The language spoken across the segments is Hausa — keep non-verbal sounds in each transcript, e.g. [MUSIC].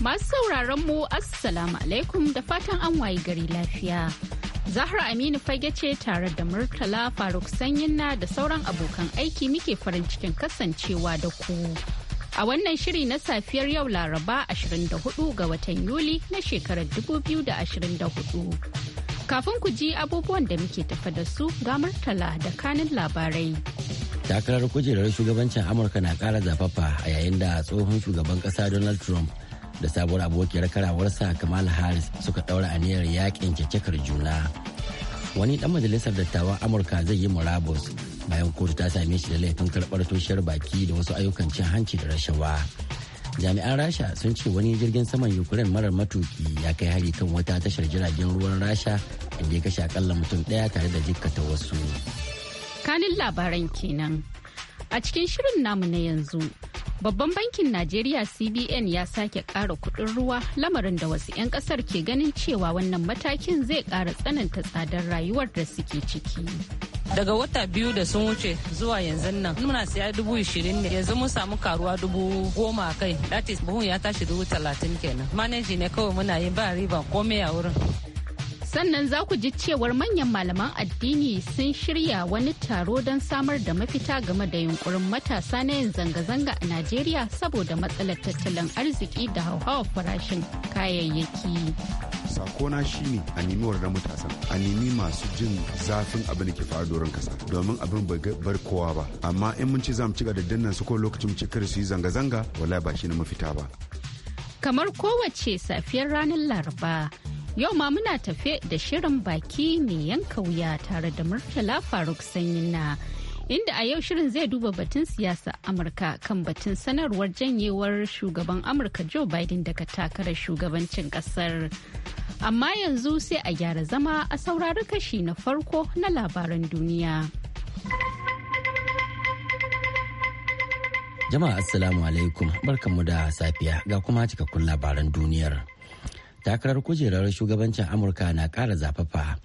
Masu sauraron mu Assalamu alaikum da fatan an waye gari lafiya. Zahra Aminu fage ce tare da Murtala Faruk Sanyinna da sauran abokan aiki muke farin cikin kasancewa da ku. A wannan shiri na safiyar yau Laraba 24 ga watan Yuli na shekarar 2024. Kafin ku ji abubuwan da muke tafa da su ga Murtala da kanin labarai. Takarar kujerar shugabancin Amurka na kara zafafa a yayin da tsohon shugaban kasa Donald Trump da sabuwar abokiyar karawarsa kamal harris suka daura aniyar yakin kyakkyakar juna wani dan majalisar dattawan amurka zai yi murabus bayan kotu ta same shi da laifin karbar tushiyar baki da wasu ayyukan cin hanci da rashawa jami'an rasha sun ce wani jirgin saman ukraine marar matuki ya kai hari kan wata tashar jiragen ruwan rasha inda ya kashe akalla mutum ɗaya tare da jikkata wasu kanin labaran kenan a cikin shirin namu na yanzu Babban bankin Najeriya CBN ya sake ƙara kuɗin ruwa lamarin da wasu 'yan ƙasar ke ganin cewa wannan matakin zai ƙara tsananta tsadar rayuwar da suke ciki. daga wata biyu da sun wuce zuwa yanzu nan muna siya dubu ishirin ne yanzu mun samu karuwa dubu goma kai that buhun ya tashi dubu talatin kenan manaji ne kawai muna yi ba riba komai a wurin Sannan za ku ji cewar manyan malaman addini sun shirya wani taro don samar da mafita game da yunkurin matasa na yin zanga-zanga a Najeriya saboda matsalar tattalin arziki da hauhawar farashin kayayyaki. sakona shine a nemi warda matasan a nemi masu jin zafin abin da ke faruwar kasa domin abin bai bar kowa ba amma in mun ci zamu ci da dannan su ko lokacin cikar su yi zanga-zanga wala ba shi na mafita ba kamar kowace safiyar ranar laraba Yau ma muna tafe da shirin baki mai yanka wuya tare da Murtala Faruk Sanyin na inda a yau shirin zai duba batun siyasa Amurka kan batun sanarwar janyewar shugaban Amurka Joe Biden daga takarar shugabancin kasar. Amma yanzu sai a gyara zama a saurari kashi na farko na labaran duniya. Jama'a Assalamu alaikum barkanmu da safiya ga kuma cikakkun labaran duniyar. takarar kujerar shugabancin amurka na kara zafafa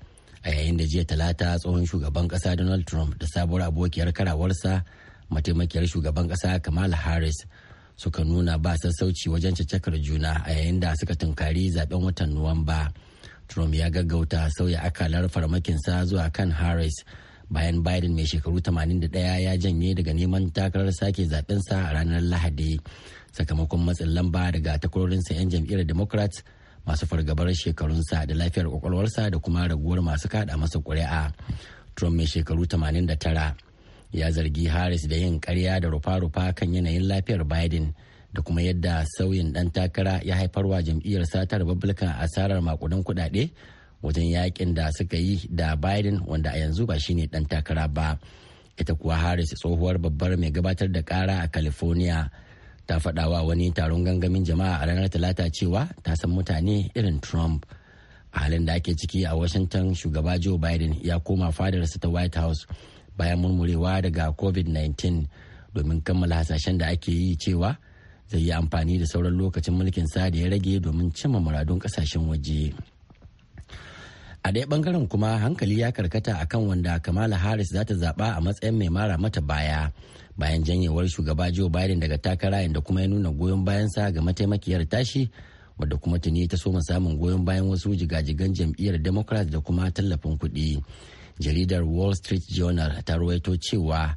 a yayin da jiya talata tsohon shugaban kasa donald trump da sabuwar abokiyar karawarsa mataimakiyar shugaban kasa kamal harris suka nuna ba sassauci wajen cacakar juna a yayin da suka tunkari zaben watan nuwamba trump ya gaggauta sauya akalar farmakinsa zuwa kan harris bayan biden mai shekaru 81 ya janye daga neman takarar sake zaɓensa a ranar lahadi sakamakon matsin lamba daga takwarorinsa 'yan jam'iyyar democrats masu fargabar shekarunsa da lafiyar kwakwalwarsa da kuma raguwar masu kada masa ƙuri'a trump mai shekaru 89 ya zargi harris da yin karya da rufa-rufa kan yanayin lafiyar biden da kuma yadda sauyin ɗan takara ya haifar wa jam'iyyar satar republican a asarar makudan kuɗaɗe wajen yakin da suka yi da biden wanda a yanzu ba shine ɗan takara ba ita kuwa harris tsohuwar babbar mai gabatar da ƙara a california ta faɗawa wani taron gangamin jama'a a ranar talata cewa ta san mutane irin trump a halin da ake ciki a washington shugaba joe biden ya koma fadarsa ta white house bayan murmurewa daga covid-19 domin kammala hasashen da ake yi cewa zai yi amfani da sauran lokacin mulkin sa da ya rage domin cimma muradun kasashen waje. a ɗaya bangaren kuma hankali ya karkata akan wanda kamala harris za ta zaɓa a matsayin mai mara mata baya bayan janyewar shugaba joe biden daga takara inda kuma ya nuna goyon bayansa ga mataimakiyar tashi wadda kuma tuni ta soma samun goyon bayan wasu jigajigan jam'iyyar democrat da kuma tallafin kuɗi jaridar wall street journal ta ruwaito cewa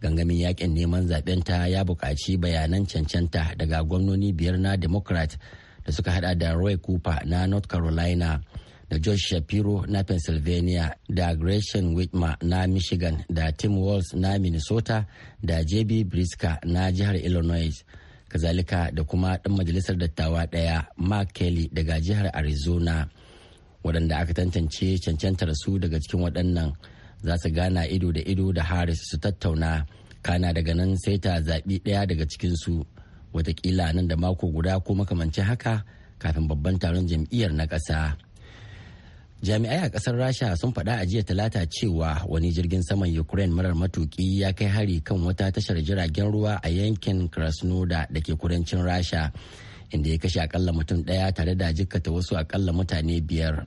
gangamin yakin neman zaben ta ya buƙaci bayanan cancanta daga gwamnoni biyar na democrat da suka hada da roy cooper na north carolina da Josh Shapiro na Pennsylvania da Gretchen Whitmer na Michigan da Tim Walz na Minnesota da JB Briska na jihar Illinois. Kazalika da kuma ɗan majalisar dattawa ɗaya Mark Kelly daga jihar Arizona. Waɗanda aka tantance cancantar su daga cikin waɗannan za su gana ido da ido da Harris su tattauna. Kana daga nan sai ta zaɓi ɗaya daga cikinsu watakila nan da mako guda ko makamancin haka kafin babban taron jam'iyyar na ƙasa. jami'ai a kasar rasha sun faɗa a jiya talata cewa wani jirgin saman ukraine marar matuki ya kai hari kan wata tashar jiragen ruwa a yankin krasnodar da ke kudancin rasha inda ya kashe akalla mutum ɗaya tare da jikkata wasu akalla mutane biyar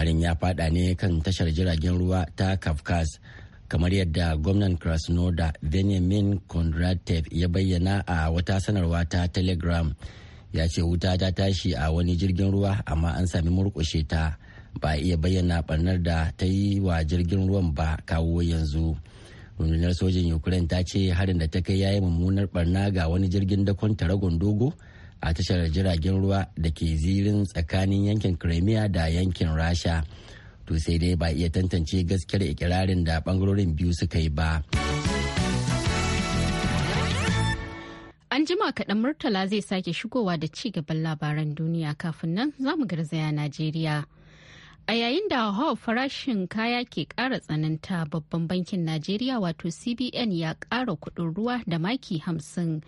harin ya faɗa ne kan tashar jiragen ruwa ta kafkas kamar yadda gwamnan krasnodar benjamin kondratev ya bayyana a wata sanarwa ta telegram ya ce wuta ta tashi a wani jirgin ruwa amma an sami murƙushe ta ba iya bayyana barnar da ta yi wa jirgin ruwan ba kawo yanzu rundunar sojin ukraine ta ce harin da ta kai ya yi mummunar barna ga wani jirgin dakon taragon dogo a tashar jiragen ruwa da ke zirin tsakanin yankin crimea da yankin rasha to sai dai ba iya tantance gaskiyar ikirarin da bangarorin biyu suka yi ba an jima kaɗan murtala zai sake shigowa da ci gaban labaran duniya kafin nan za mu garzaya najeriya A yayin da hau farashin kaya ke ƙara tsananta babban bankin Najeriya wato CBN ya ƙara kuɗin ruwa da maki hamsin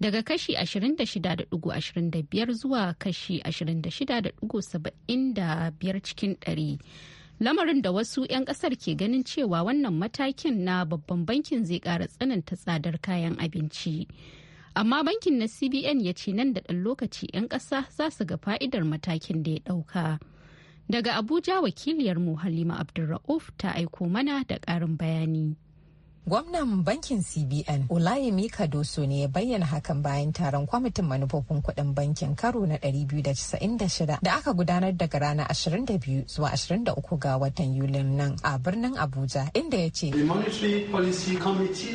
daga kashi 26.25 zuwa kashi 26.75 cikin ɗari. Lamarin da wasu 'yan ƙasar ke ganin cewa wannan matakin na babban bankin zai ƙara tsananta tsadar kayan abinci. Amma bankin na CBN ya ce nan da ɗan lokaci 'yan ƙasa za su ga fa'idar matakin da ya ɗauka. Daga Abuja wakiliyarmu Halima Abdulra'uf ta aiko mana da ƙarin bayani. Gwamnan bankin CBN Olayemi Kadoso ne ya bayyana hakan bayan taron kwamitin manufofin kuɗin bankin karo na 296 da aka gudanar daga ranar 22 zuwa 23 ga watan Yulin nan a birnin Abuja inda ya ce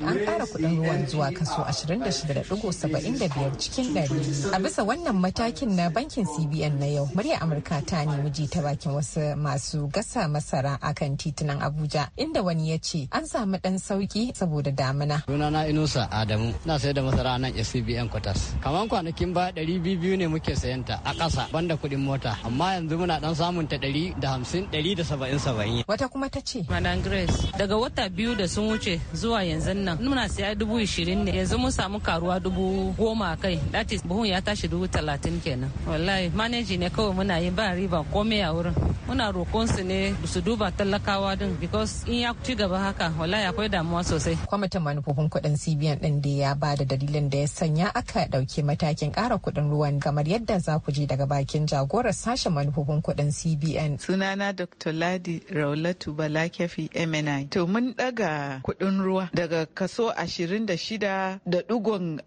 an ƙara kuɗin ruwan zuwa kaso 26.75 cikin 100. A bisa wannan matakin na bankin CBN na yau murya Amurka ta nemi ji ta bakin wasu masu gasa masara akan titunan Abuja inda wani ya ce an samu ɗan sauki ciki saboda damina. Sunana Inusa Adamu na sayar da masara nan SCBN Quarters. Kaman kwanakin ba ɗari biyu ne muke sayan a ƙasa banda kuɗin mota amma yanzu muna ɗan samun ta ɗari da hamsin ɗari da saba'in saba'in. Wata kuma ta ce. Madam Grace daga wata biyu da sun wuce zuwa yanzu nan muna saya dubu ishirin ne yanzu mun samu karuwa dubu goma a kai that is buhun ya tashi dubu talatin kenan wallahi Manaji ne kawai muna yi ba riba komai a wurin muna roƙonsu ne su duba talakawa din because in ya ci gaba haka wallahi akwai damuwa sosai. Kwamitin manufofin kuɗin CBN ɗin da ya ba da dalilin da ya sanya aka ɗauki matakin ƙara kuɗin ruwan kamar yadda za ku ji daga bakin jagorar sashen manufofin kuɗin CBN. Sunana Dr. Ladi Raulatu Balakefi MNI. To mun ɗaga kuɗin ruwa daga kaso ashirin da ɗigon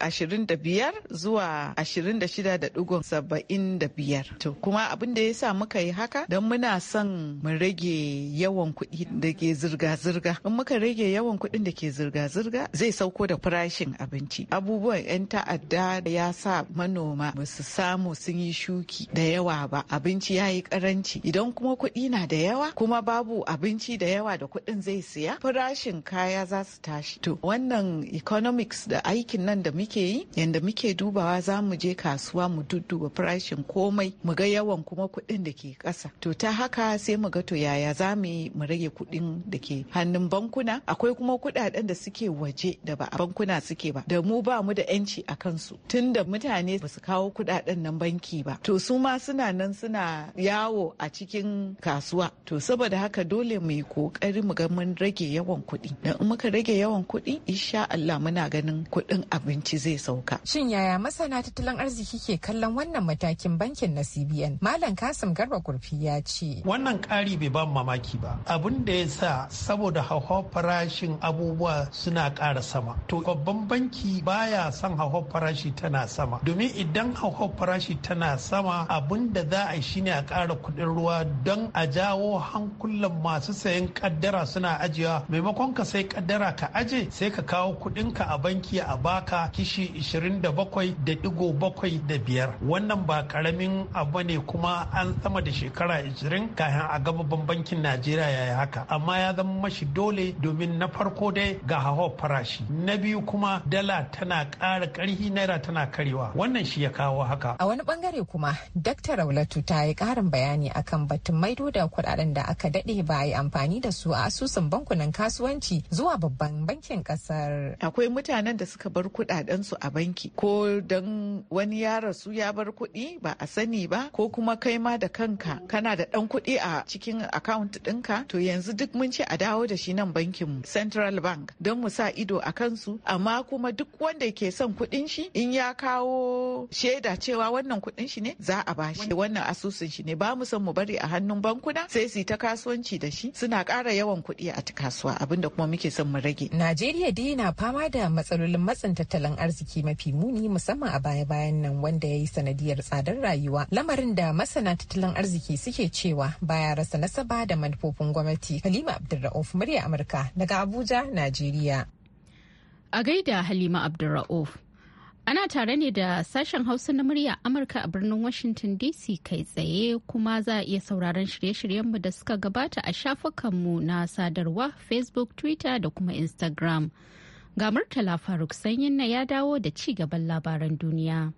biyar zuwa ashirin da ɗigon biyar. To kuma abin da ya sa muka yi haka don muna son mu rage yawan kuɗi da ke zirga-zirga. In muka rage yawan kuɗin da da ke zirga-zirga zai sauko da farashin abinci abubuwan 'yan ta'adda da ya sa manoma ba su samu sun yi shuki da yawa ba abinci ya yi karanci idan kuma kuɗi na da yawa kuma babu abinci da yawa da kuɗin zai siya farashin kaya za su tashi to wannan economics da aikin nan da muke yi yadda muke dubawa za mu je kasuwa mu dudduba farashin komai mu ga yawan kuma kuɗin da ke ƙasa to ta haka sai mu ga to yaya za mu yi mu rage kuɗin da ke hannun bankuna akwai kuma kuɗin kudaden da suke waje da ba a bankuna suke ba da mu ba mu da yanci a kansu da mutane ba su kawo kudaden nan banki ba to su ma suna nan suna yawo a cikin kasuwa to saboda haka dole mu yi kokari mu ga mun rage yawan kuɗi dan in muka rage yawan kuɗi insha Allah muna ganin kuɗin abinci zai sauka shin yaya masana tattalin arziki ke kallon wannan matakin bankin na CBN malam Kasim Garba Kurfi ya ce wannan kari bai ba mamaki ba abun da ya sa saboda hauhawar farashin abubuwa abubuwa suna ƙara sama to babban banki baya son hauhawar farashi tana sama domin idan hauhawar farashi tana sama abin da za a yi shine a ƙara kuɗin ruwa don a jawo hankulan masu sayan kaddara suna ajiyewa maimakon ka sai kaddara ka aje sai ka kawo kuɗin ka a banki a baka kishi 27 da digo bakwai da biyar wannan ba karamin abu ne kuma an sama da shekara 20 kafin a gaba bankin najeriya ya yi haka amma ya zama mashi dole domin na farko dai ga hawa farashi na biyu kuma dala tana ƙara ƙarfi naira tana karewa wannan shi ya kawo haka a wani bangare kuma dr raulatu ta yi ƙarin bayani akan batun maido da kuɗaɗen da aka daɗe ba a yi amfani da su a asusun bankunan kasuwanci zuwa babban bankin ƙasar akwai mutanen da suka bar kuɗaɗen su a banki ko don wani ya rasu ya bar kuɗi ba a sani ba ko kuma kai ma da kanka kana da ɗan kuɗi a cikin akawunt ɗinka to yanzu duk mun ce a dawo da shi nan bankin central bank don mu sa ido a kansu amma kuma duk wanda ke son kuɗin shi in ya kawo shaida cewa wannan kuɗin shi ne za a bashi wannan asusun shi ne ba mu son mu bari a hannun bankuna sai su ta kasuwanci da shi suna kara yawan kuɗi a kasuwa abinda kuma muke son mu rage. Najeriya dai na fama da matsalolin matsin tattalin arziki mafi muni musamman a baya-bayan nan wanda ya yi sanadiyar tsadar rayuwa lamarin da masana tattalin arziki suke cewa baya rasa nasaba da manufofin gwamnati. Halima Abdulra'uf murya Amurka daga Abuja, Najeriya. A gaida Halima Abdulra'uf. Ana tare ne da sashen Hausa na murya Amurka a birnin Washington DC kai tsaye kuma za a iya sauraron shirye-shiryenmu da suka gabata a shafukanmu na sadarwa Facebook, Twitter da kuma Instagram. Ga Murtala Faruk Sanyin na ya dawo da ci gaban labaran duniya.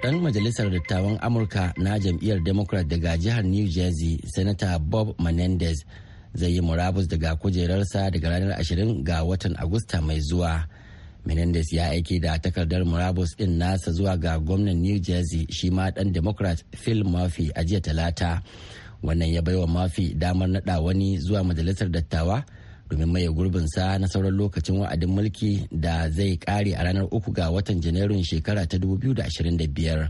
dan majalisar dattawan amurka na jam'iyyar democrat daga jihar new jersey senator bob menendez zai yi murabus daga kujerarsa daga ranar 20 ga watan agusta mai zuwa menendez ya aiki da takardar murabus din nasa zuwa ga gwamnan new jersey shi ma dan democrat phil murphy a jiya talata wannan ya baiwa murphy damar naɗa wani zuwa majalisar dattawa domin maye sa na sauran lokacin wa'adin mulki da zai kare a ranar uku ga watan janairun shekara ta 2025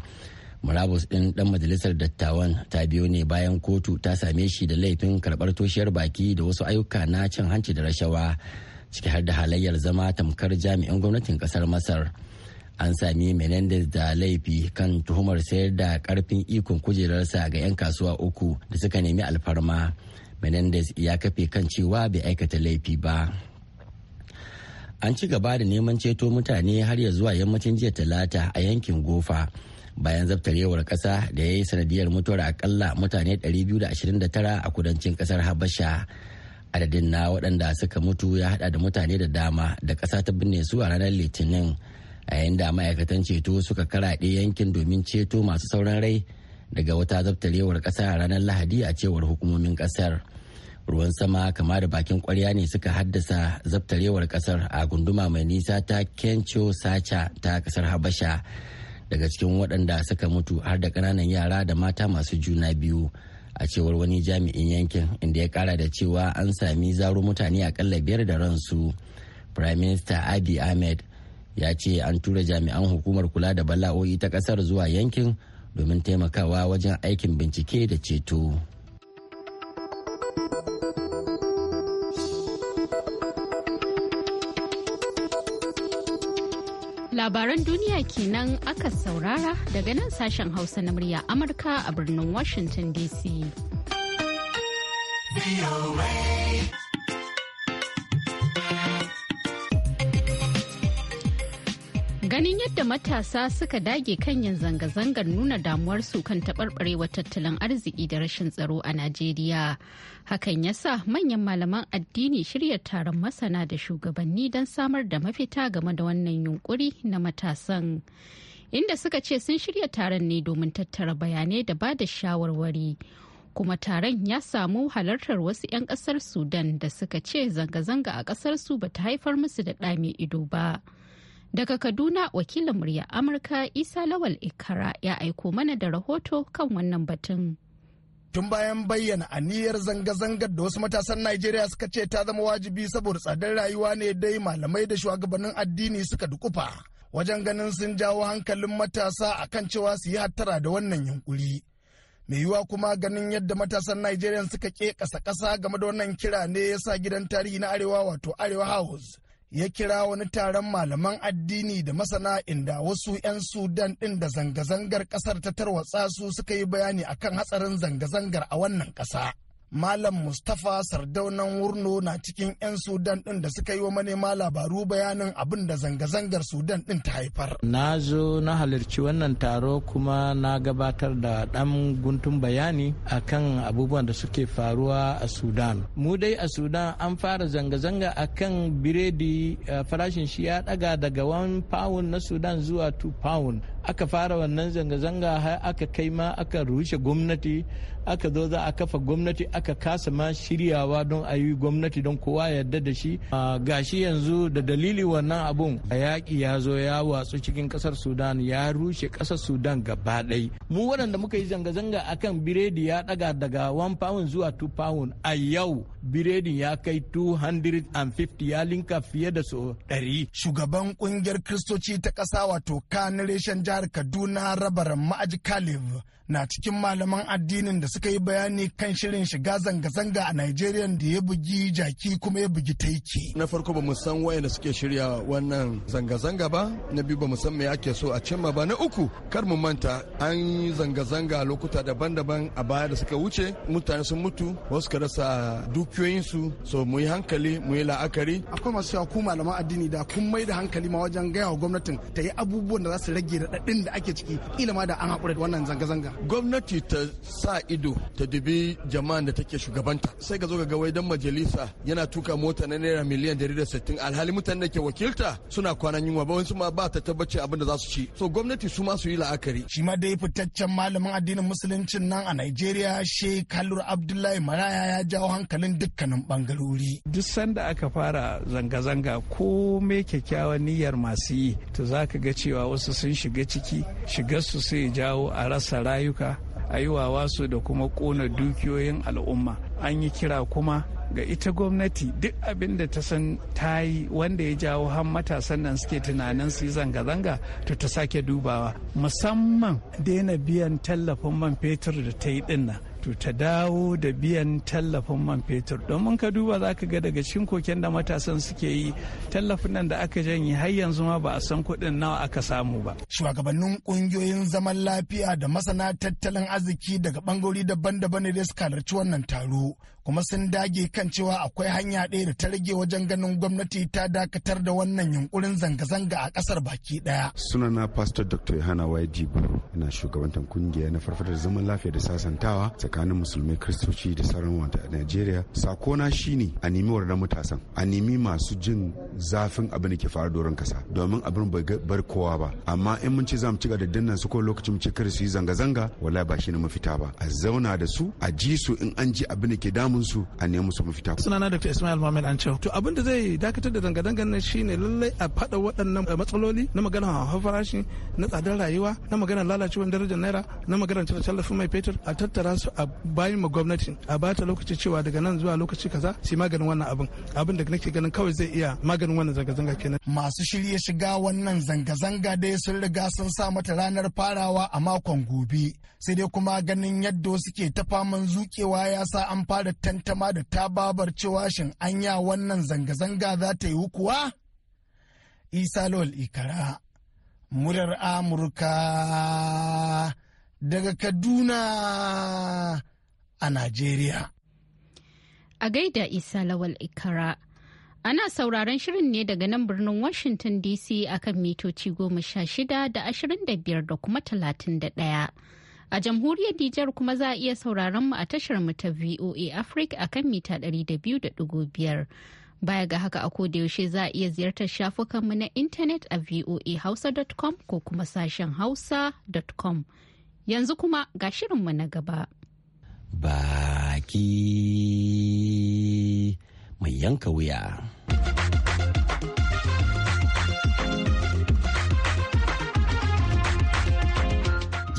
murabus din dan majalisar dattawan ta biyo ne bayan kotu ta same shi da laifin karbar toshiyar baki da wasu ayyuka na cin hanci da rashawa ciki har da halayyar zama tamkar jami'in gwamnatin kasar masar an sami menendez da laifi kan tuhumar sayar da karfin ikon kujerarsa ga 'yan kasuwa uku da suka nemi alfarma menendez ya kafe kan cewa bai aikata laifi ba an ci gaba da neman ceto mutane har ya zuwa yammacin jiya talata a yankin gofa bayan zaftarewar kasa da ya yi sanadiyar mutuwar akalla mutane 229 a kudancin kasar habasha adadin na waɗanda suka mutu ya hada da mutane da dama da ƙasa ta binne su a ranar litinin a yayin da ma'aikatan ceto suka karaɗe yankin domin ceto masu sauran rai daga wata zabtarewar kasa a ranar lahadi a cewar hukumomin kasar ruwan sama kama da bakin kwarya ne suka haddasa zabtarewar kasar a gunduma mai nisa ta kencho sacha ta kasar habasha daga cikin waɗanda suka mutu har da ƙananan yara da mata masu juna biyu a cewar wani jami'in yankin inda ya ƙara da cewa an sami zaro mutane akalla biyar da ransu prime minister abiy ahmed ya ce an tura jami'an hukumar kula da bala'o'i ta ƙasar zuwa yankin domin taimakawa wajen aikin bincike da ceto. Labaran duniya kenan aka saurara daga nan sashen Hausa na murya Amurka a birnin Washington DC. Ganin yadda matasa suka dage kan yin zanga-zangar nuna damuwarsu kan taɓarɓarewa tattalin arziki da rashin tsaro a Najeriya. Hakan ya sa manyan malaman addini shirya taron masana da shugabanni don samar da mafita game da wannan yunkuri na matasan. Inda suka ce sun shirya taron ne domin tattara bayanai da ba da shawarwari. kuma taron ya samu halartar wasu 'yan kasar sudan da suka ce zanga-zanga a kasar su bata haifar musu da ɗame ido ba. Daga Kaduna wakilin murya Amurka Isa Lawal Ikara ya aiko mana da rahoto kan wannan batun. tun bayan bayyana aniyar zanga-zangar da wasu matasan Najeriya suka ce ta zama wajibi saboda tsadar rayuwa ne dai malamai da shugabannin addini suka dukufa wajen ganin sun jawo hankalin matasa a kan cewa su yi hattara da wannan yunkuri. Mai yiwuwa kuma ganin yadda matasan Najeriya suka ke ƙasa-ƙasa game da wannan kira ne ya sa gidan tarihi na Arewa wato Arewa House ya kira wani taron malaman addini da masana inda wasu 'yan sudan ɗin da zanga-zangar ƙasar ta tarwatsa su suka yi bayani akan hatsarin zanga-zangar a wannan ƙasa. Malam Mustapha Sardaunan Wurno na cikin 'yan Sudan ɗin da suka yi wa manema labaru bayanin abin da zanga-zangar Sudan ɗin ta haifar. Na zo na halarci wannan taro kuma na gabatar da ɗan guntun bayani akan abubuwan da suke faruwa a Sudan. Mu dai a Sudan an fara zanga-zanga a kan biredi eh, farashin shi ya ɗaga daga 1 pound na Sudan zuwa 2 pound. aka fara wannan zanga-zanga har aka kai ma aka rushe gwamnati aka zo za a kafa gwamnati aka kasa ma shiryawa don a yi gwamnati don kowa yadda da shi ah, gashi yanzu da dalili wannan abun a yaƙi ya zo ya watsu cikin ƙasar sudan ya rushe ƙasar sudan gaba ɗai mu waɗanda muka yi zanga-zanga akan biredi ya ɗaga daga 1 pound zuwa 2 pound a yau biredin ya kai 250 ya linka fiye da so 100 shugaban ƙungiyar kristoci ta ƙasa wato kan jihar Kaduna rabar Ma'aji Kalib na cikin malaman addinin da suka yi bayani kan shirin shiga zanga-zanga a Najeriya da ya bugi jaki kuma ya bugi taiki. Na farko ba mu san wayanda suke shirya wannan zanga-zanga ba, na biyu ba mu san me ake so a cimma ba, na uku kar mu manta an yi zanga-zanga a lokuta daban-daban a baya da suka wuce, mutane sun mutu, wasu ka rasa dukiyoyinsu, so mu yi hankali, mu yi la'akari. Akwai masu cewa ku malaman addini da kun mai da hankali ma wajen gaya wa gwamnatin ta yi abubuwan da za su rage raɗaɗin da ake ciki, ilima da an haƙura da wannan zanga-zanga. gwamnati ta sa ido ta dubi jama'an da take shugabanta sai ka zo ga wai dan majalisa yana tuka mota na naira miliyan 160 alhali mutane da ke wakilta suna kwanan yunwa ba wasu ma ba ta tabbaci abin da za su ci so gwamnati su ma su yi la'akari shi ma dai fitaccen malamin addinin musuluncin nan a Najeriya Sheikh Kalur Abdullahi Maraya ya jawo hankalin dukkanin bangarori duk sanda aka fara zanga-zanga ko me kyakkyawan niyyar masu yi to zaka ga cewa wasu sun shiga ciki shigar su sai jawo a rasa rayu ayyuka a yi wasu da kuma kona dukiyoyin al'umma an yi kira kuma ga ita gwamnati duk abin da ta san ta yi wanda ya jawo har matasan nan suke tunanin su yi zanga-zanga to ta sake dubawa musamman daina biyan tallafin man fetur da ta yi dinnan to ta dawo da biyan tallafin man fetur domin ka duba za ka ga daga cikin koken da matasan suke yi tallafin nan da aka janye har yanzu ma ba a san kuɗin nawa aka samu ba. shugabannin kungiyoyin zaman lafiya da masana tattalin arziki daga bangarori daban-daban ne da suka halarci wannan taro kuma sun dage kan cewa akwai hanya ɗaya da ta rage wajen ganin gwamnati ta dakatar da wannan yunkurin zanga-zanga a ƙasar baki ɗaya. sunana pastor dr yohana yg buru ina shugabantar kungiya na farfadar zaman lafiya da sasantawa tsakanin musulmai kristoci da sauran wata a najeriya sakona shine a nemi wannan matasan a nemi masu jin zafin abin da ke faru doron kasa domin abin bai bar kowa ba amma in mun ce za mu ci da dannan su ko lokacin mu ce kar su yi zanga-zanga wallahi ba shi ne mafita ba a zauna da su a ji su in an ji abin da ke damun su a nemi su mafita sunana dr ismail mohammed an cewa to abin da zai dakatar da zanga-zangan nan shine lallai a fada waɗannan eh, matsaloli na magana hawa farashi na tsadar rayuwa na maganar lalacewar darajar naira na magana cire tallafin mai fetur a tattara su a bayan ma gwamnati a bata lokaci cewa daga nan zuwa lokaci kaza su maganin wannan abin abin da nake ganin kawai zai iya maganin wannan zanga-zanga kenan masu shirye shiga wannan zanga-zanga dai sun riga sun sa mata ranar farawa a makon gobe sai dai kuma ganin yadda suke ta faman zukewa ya sa an fara tantama da ta babar cewa shin anya wannan zanga-zanga za ta yi hukuwa? Isa Lawal Ikara, murar Amurka daga Kaduna a Najeriya. A gaida Isa Lawal Ikara. Ana sauraron shirin ne daga nan birnin Washington DC akan mitoci goma sha shida da ashirin da biyar da kuma talatin da ɗaya. A jamhuriyar Dijar kuma za a iya sauraron mu a tashar mu ta VOA Africa akan mita 200.5. Baya ga haka a koda yaushe za a iya ziyartar shafukan mu na intanet a voahausa.com ko kuma sashen hausa.com. Yanzu kuma ga shirinmu na gaba. Baki mai yanka wuya.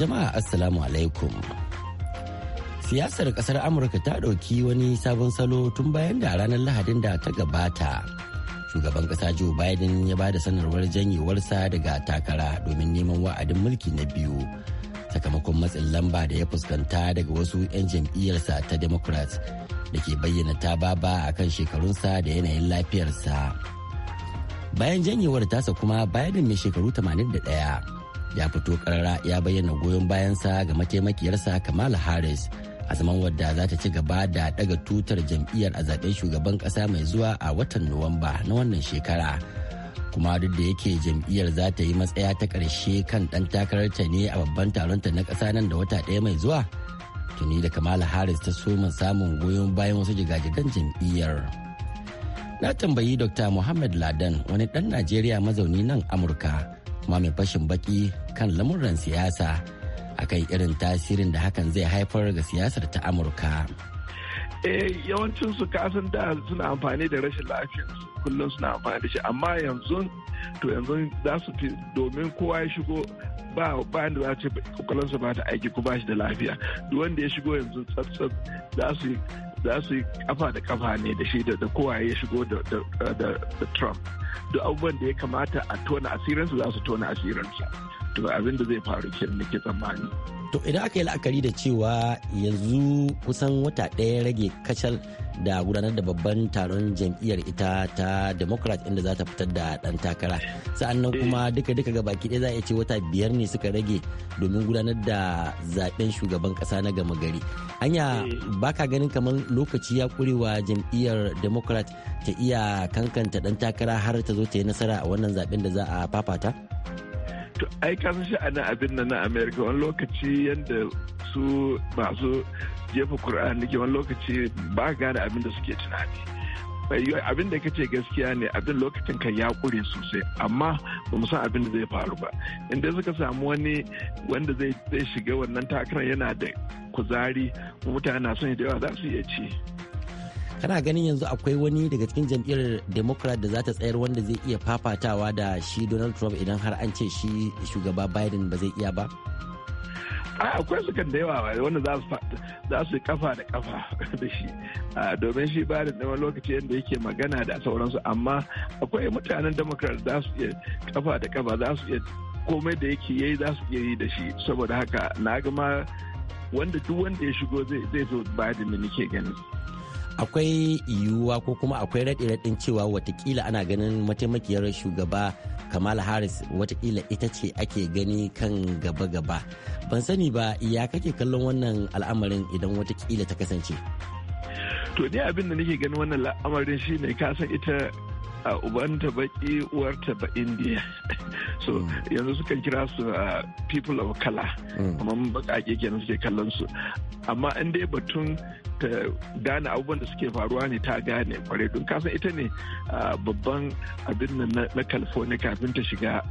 Jama'a Assalamu alaikum. Siyasar kasar Amurka ta ɗauki wani sabon salo tun bayan da ranar Lahadin da ta gabata. Shugaban ƙasa Joe Biden ya ba da sanarwar janyewarsa daga takara domin neman wa'adin mulki na biyu. Sakamakon matsin lamba da ya fuskanta daga wasu 'yan jam'iyyarsa ta Democrats da ke bayyana ta baba a kan shekarunsa da yanayin lafiyarsa. Bayan janyewar tasa kuma Biden mai shekaru 81 ya fito karara ya bayyana goyon bayansa ga mataimakiyarsa kamala harris a zaman wadda za ta ci gaba da daga tutar jam'iyyar a zaben shugaban kasa mai zuwa a watan nuwamba na wannan shekara kuma duk da yake jam'iyyar za ta yi matsaya ta karshe kan ɗan takararta ne a babban taronta na kasa nan da wata ɗaya mai zuwa tuni da kamala harris ta soma samun goyon bayan wasu jigajigan jam'iyyar na tambayi dr muhammad ladan wani dan najeriya mazauni nan amurka kuma mai fashin baki kan lamuran siyasa akan irin tasirin da hakan zai haifar ga siyasar ta amurka eh yawancin su kasan da suna amfani da rashin lafiyar kullum suna amfani da shi amma yanzu to yanzu za su fi domin kowa ya shigo ba ba da za ce ba ta aiki ko ba shi da lafiya duk wanda ya shigo yanzu tsatsat za su za su yi kafa da kafa ne da shi da kowa ya shigo da trump duk abubuwan da ya kamata a tona asirinsu za su tona asirinsu to abin da zai faru kenan nake tsammani to idan aka yi la'akari da cewa yanzu kusan wata ɗaya rage kacal da gudanar da babban taron jam'iyyar ita ta democrat inda za ta fitar da ɗan takara sa'annan kuma duka duka ga baki ɗaya za a iya ce wata biyar ne suka rage domin gudanar da zaɓen shugaban ƙasa na gama gari hanya baka ganin kamar lokaci ya kurewa jam'iyyar democrat ta iya kankanta ɗan takara har ta zo ta yi nasara a wannan zaɓen da za a fafata to ai kasan shi abin nan na amerika wani lokaci yadda su masu jefa kur'ani nake wani lokaci ba gane abin da suke tunani abin da kace gaskiya ne abin lokacin kan ya kure sosai amma ba mu san abin da zai faru ba inda suka samu wani wanda zai shiga wannan takarar yana da kuzari mutane na son da yawa za su iya ci kana ganin yanzu akwai wani daga cikin jam'iyyar democrat da za ta tsayar wanda zai iya fafatawa da shi donald trump idan har an ce shi shugaba biden ba zai iya ba ah, akwai su kan da yawa wanda za su kafa da kafa [LAUGHS] da shi ah, domin shi ba da wani lokaci yadda yake magana da sauransu amma akwai mutanen democrat za su iya kafa da kafa za su iya komai da yake yayi za su iya yi da shi saboda haka na gama wanda duk wanda ya shigo zai zo ba da nake ganin akwai yiwuwa ko kuma akwai raɗe-raɗin cewa watakila ana ganin mataimakiyar shugaba kamal harris watakila ita ce ake gani kan gaba-gaba ban sani ba ya kake kallon wannan al'amarin idan watakila ta kasance to ne abin da nake ganin wannan al'amarin shi ne kasan ita a ubanta baki uwarta ba indiya [LAUGHS] so hmm. yanzu suka kira su people of color hmm. amma bakake kenan suke kallon su amma in dai batun ta gane abubuwan da suke faruwa ne ta gane kwarai don kasan ita ne babban abin nan na california kafin ta shiga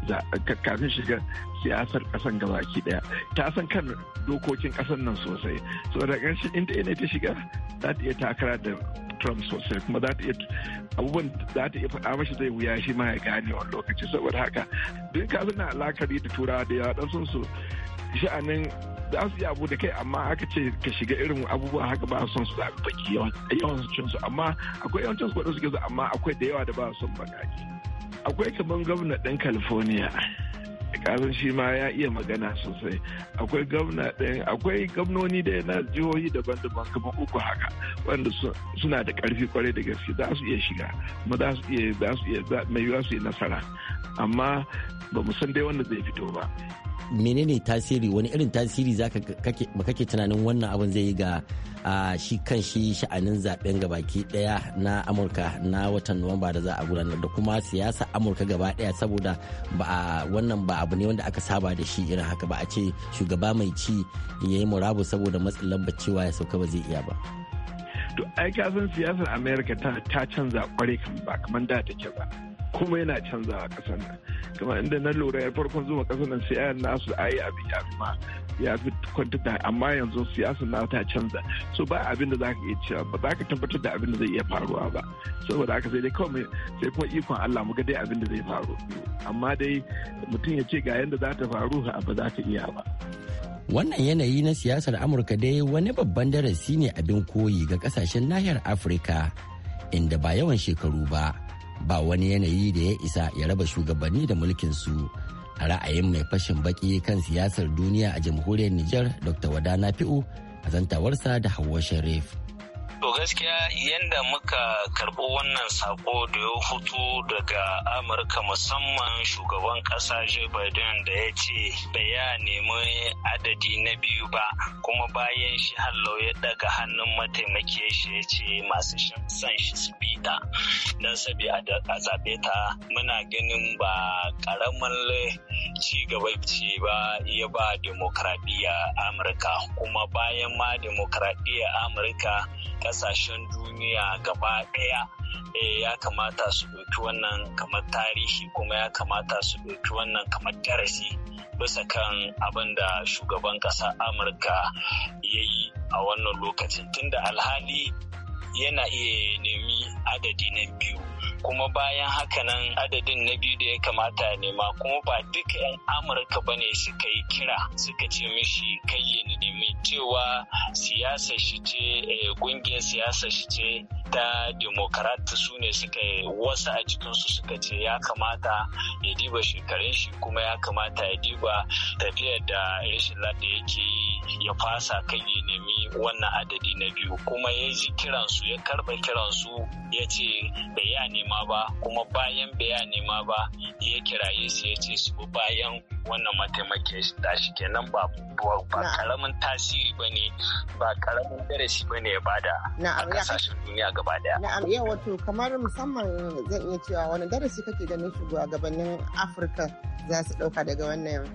kafin shiga siyasar kasan gabaki daya ta san kan dokokin kasan nan sosai so da ganshi inda ne ta shiga za ta iya takara da trump sosai kuma za ta iya abubuwan za ta iya faɗa mashi zai wuya shi ma ya gane wani lokaci saboda haka duk ka na alakari da turawa da yawa sun su sha'anin za su yi abu da kai amma aka ce ka shiga irin abubuwa haka ba son su zaɓi baki yawancin su amma akwai yawancin su kwaɗo suke amma akwai da yawa da ba son bakaki akwai kaman gwamna ɗan california kasan shi ma ya iya magana sosai akwai gwamna ɗin akwai gwamnoni da na jihohi daban-daban kamar uku haka wanda suna da ƙarfi kwarai da gaske za su iya shiga kuma za su iya mai yiwuwa su yi nasara amma ba mu san dai wanda zai fito ba menene tasiri wani irin tasiri za kake tunanin wannan abin zai yi ga shi kan shi sha'anin zaben gabaki daya na amurka na watan nuwamba da za a gudanar da kuma siyasa amurka gaba daya saboda ba a wannan ba abu ne wanda aka saba da shi irin haka ba a ce shugaba mai ci ya yi murabu saboda matsin lambar cewa ya sauka ba zai iya ba to ai ka san siyasar america ta canza kwarai kan ba kamar da take ba kuma yana canza a ƙasar nan kuma inda na lura ya farkon zuwa ƙasar nan siyayar nasu a ayi abin ya fi ma ya fi kwantata amma yanzu siyasar na ta canza so ba abin da za iya cewa ba za tabbatar da abin da zai iya faruwa ba saboda haka sai dai kawai sai kuma ikon Allah mu ga dai abin da zai faru amma dai mutum ya ce ga yanda za ta faru ba za ta iya ba wannan yanayi na siyasar amurka dai wani babban darasi ne abin koyi ga kasashen nahiyar afirka inda ba yawan shekaru ba ba wani yanayi da ya isa ya raba shugabanni da mulkin su a ra'ayin mai fashin baki kan siyasar duniya a jamhuriyar Nijar Dr. Wadana Fi'u a zantawarsa da Hauwa Sharif. To gaskiya yadda muka karɓo wannan sako da ya hutu daga Amurka musamman shugaban ƙasa Joe Biden da ya ce bai ya nemi adadi na biyu ba kuma bayan shi hallo ya daga hannun mataimake shi ya ce masu son shi su don sabi a zaɓe ta muna ganin ba ƙaramin ci gaba ce ba ya ba demokradiyya amurka kuma bayan ma demokradiyya amurka ƙasashen duniya gaba ɗaya eh, ya kamata su ɗauki wannan kamar tarihi kuma ya kamata su ɗauki wannan kamar darasi bisa kan abin da shugaban ƙasar amurka ya yi a wannan lokacin tunda alhali yana iya nemi adadi na biyu kuma bayan haka nan adadin na biyu da ya kamata ya nema kuma ba duka 'yan amurka ba ne suka yi kira suka ce mishi kai ya nemi cewa siyasa shi ce kungiyar eh, siyasa shi ce ta demokrat su ne suka yi wasu a cikinsu suka ce ya kamata ya diba shekarun shi kuma ya kamata ya diba tafiyar da rashin lada yake yi ya fasa kan ya nemi wannan adadi na biyu kuma ya ji kiransu ya karba kiransu ya ce da ya nemi ma ba kuma bayan bayani ma ba ya kiraye su ya ce su bayan wannan mataimakiyar tashi kenan ba ba karamin tasiri ba ne ba karamin darasi ba ne ya bada a kasashen duniya gaba daya. Na'am yau wato kamar musamman zan iya cewa wani darasi kake ganin gabanin Afirka za su dauka daga wannan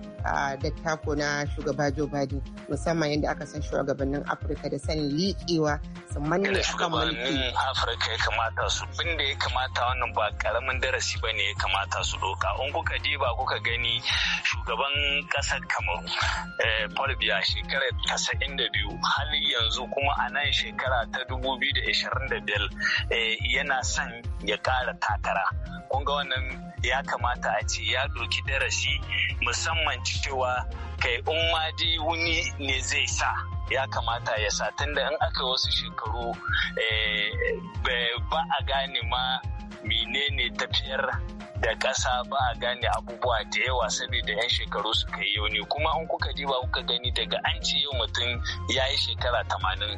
dattako na shugaba Joe Biden musamman yadda aka san shugabannin Afirka da sanin liƙewa su manne akan mulki. Afirka ya kamata su binda ya kamata wannan ba karamin darasi ba ne ya kamata su doka. In kuka diba kuka gani shugaban ƙasar kamar eh, paul biya shekarar 92 hali yanzu kuma a nan shekara ta dubu eh, yana son ya kara takara kun ga wannan ya kamata a ce ya ɗauki darasi musamman cewa kai umma wuni ne zai sa ya kamata ya sa tunda in aka wasu shekaru eh, ba a gane ma menene tafiyar da ƙasa ba a gane abubuwa da yawa saboda 'yan shekaru suka yi yauni kuma an kuka ji ba kuka gani daga an ce yau mutum ya yi shekara tamanin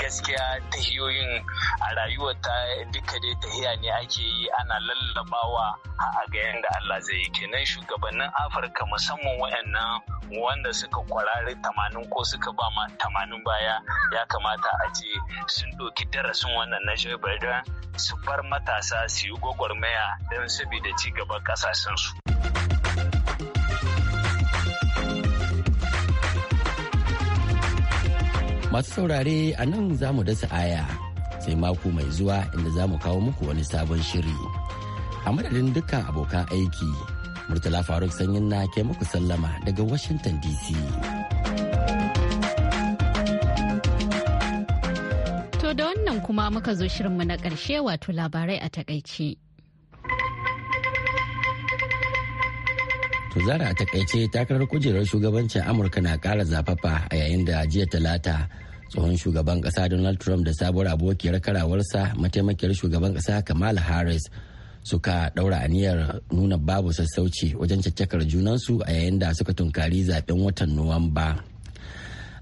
gaskiya tahiyoyin a rayuwar ta duka dai tahiya ne ake yi ana lallabawa a ga yadda Allah zai yi kenan shugabannin Afirka musamman wayannan wanda suka kwarari tamanin ko suka ba ma tamanin baya ya kamata a ce sun ɗauki darasin wannan na su bar matasa su yi gwagwarmaya don saboda ci gaban Masu saurare a nan za mu dasa aya sai mako mai zuwa inda za mu kawo muku wani sabon shiri. A madadin dukkan abokan aiki, Murtala Faruk Sanyin na ke muku sallama daga Washington DC. To da wannan kuma muka zo shirinmu na ƙarshe wato labarai a takaice. To zara a takaice takarar kujerar shugabancin Amurka na kara zafafa a yayin da jiya talata tsohon shugaban kasa Donald Trump da sabuwar abokiyar karawarsa mataimakiyar shugaban kasa kamal Harris suka daura aniyar nuna babu sassauci wajen caccakar junansu a yayin da suka tunkari zaben watan Nuwamba.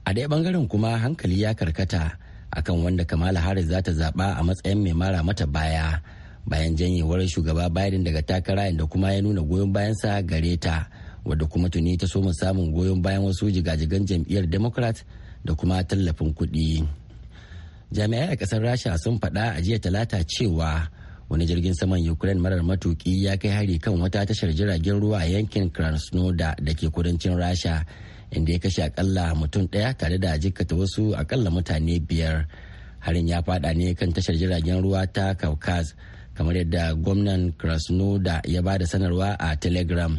A ɗaya bangaren kuma hankali ya karkata akan wanda Kamala Harris za ta zaɓa a matsayin mai mara mata baya. bayan janyewar shugaba biden daga takara inda kuma ya nuna goyon bayansa gare ta wadda kuma tuni ta soma samun goyon bayan wasu jigajigan jam'iyyar democrat da kuma tallafin kuɗi jami'ai a ƙasar rasha sun faɗa a jiya talata cewa wani jirgin saman ukraine marar matuki ya kai hari kan wata tashar jiragen ruwa a yankin krasnodar da ke kudancin rasha inda ya kashe akalla mutum ɗaya tare da jikkata wasu akalla mutane biyar harin ya faɗa ne kan tashar jiragen ruwa ta caucasus kamar yadda gwamnan krasnoda ya ba da sanarwa a telegram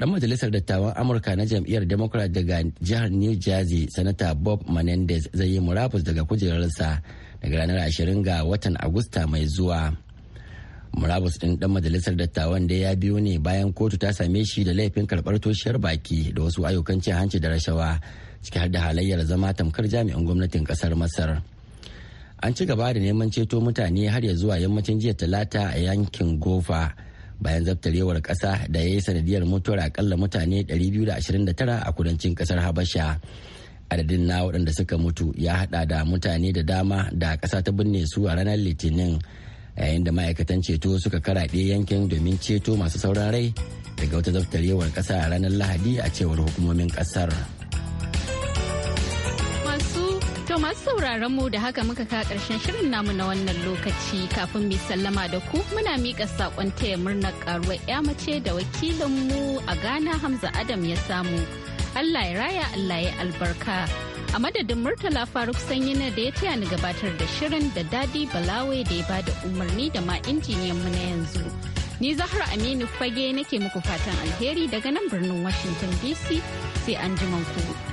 dan majalisar dattawan amurka na jam'iyyar democrat daga jihar new jersey sanata bob menendez zai yi murabus daga kujerarsa daga ranar 20 ga watan agusta mai zuwa murabus ɗin dan majalisar dattawan da ya biyo ne bayan kotu ta same shi da laifin karɓar toshiyar baki da wasu ayyukan cin hanci da rashawa ciki har da halayyar zama tamkar jami'in gwamnatin ƙasar masar an ci gaba da neman ceto mutane har ya zuwa yammacin jiya talata a yankin gofa bayan zabtarewar kasa da ya yi sanadiyar mutuwar akalla mutane 229 a kudancin kasar habasha adadin na waɗanda suka mutu ya hada da mutane da dama da ƙasa ta binne su a ranar litinin yayin da ma'aikatan ceto suka karaɗe yankin domin ceto masu sauran rai daga wata zabtarewar ƙasa a ranar lahadi a cewar hukumomin ƙasar. To masu sauraron mu da haka muka ka ƙarshen shirin namu na wannan lokaci kafin mu sallama da ku muna miƙa saƙon taya murnar karuwar ya mace da wakilinmu a Ghana Hamza Adam ya samu. Allah ya raya Allah ya albarka. A madadin Murtala Faruk sanyi na da ya taya ni gabatar da shirin da Dadi Balawe da ya bada umarni da ma injiniyan mu na yanzu. Ni Zahra Aminu Fage nake muku fatan alheri daga nan birnin Washington DC sai an ku.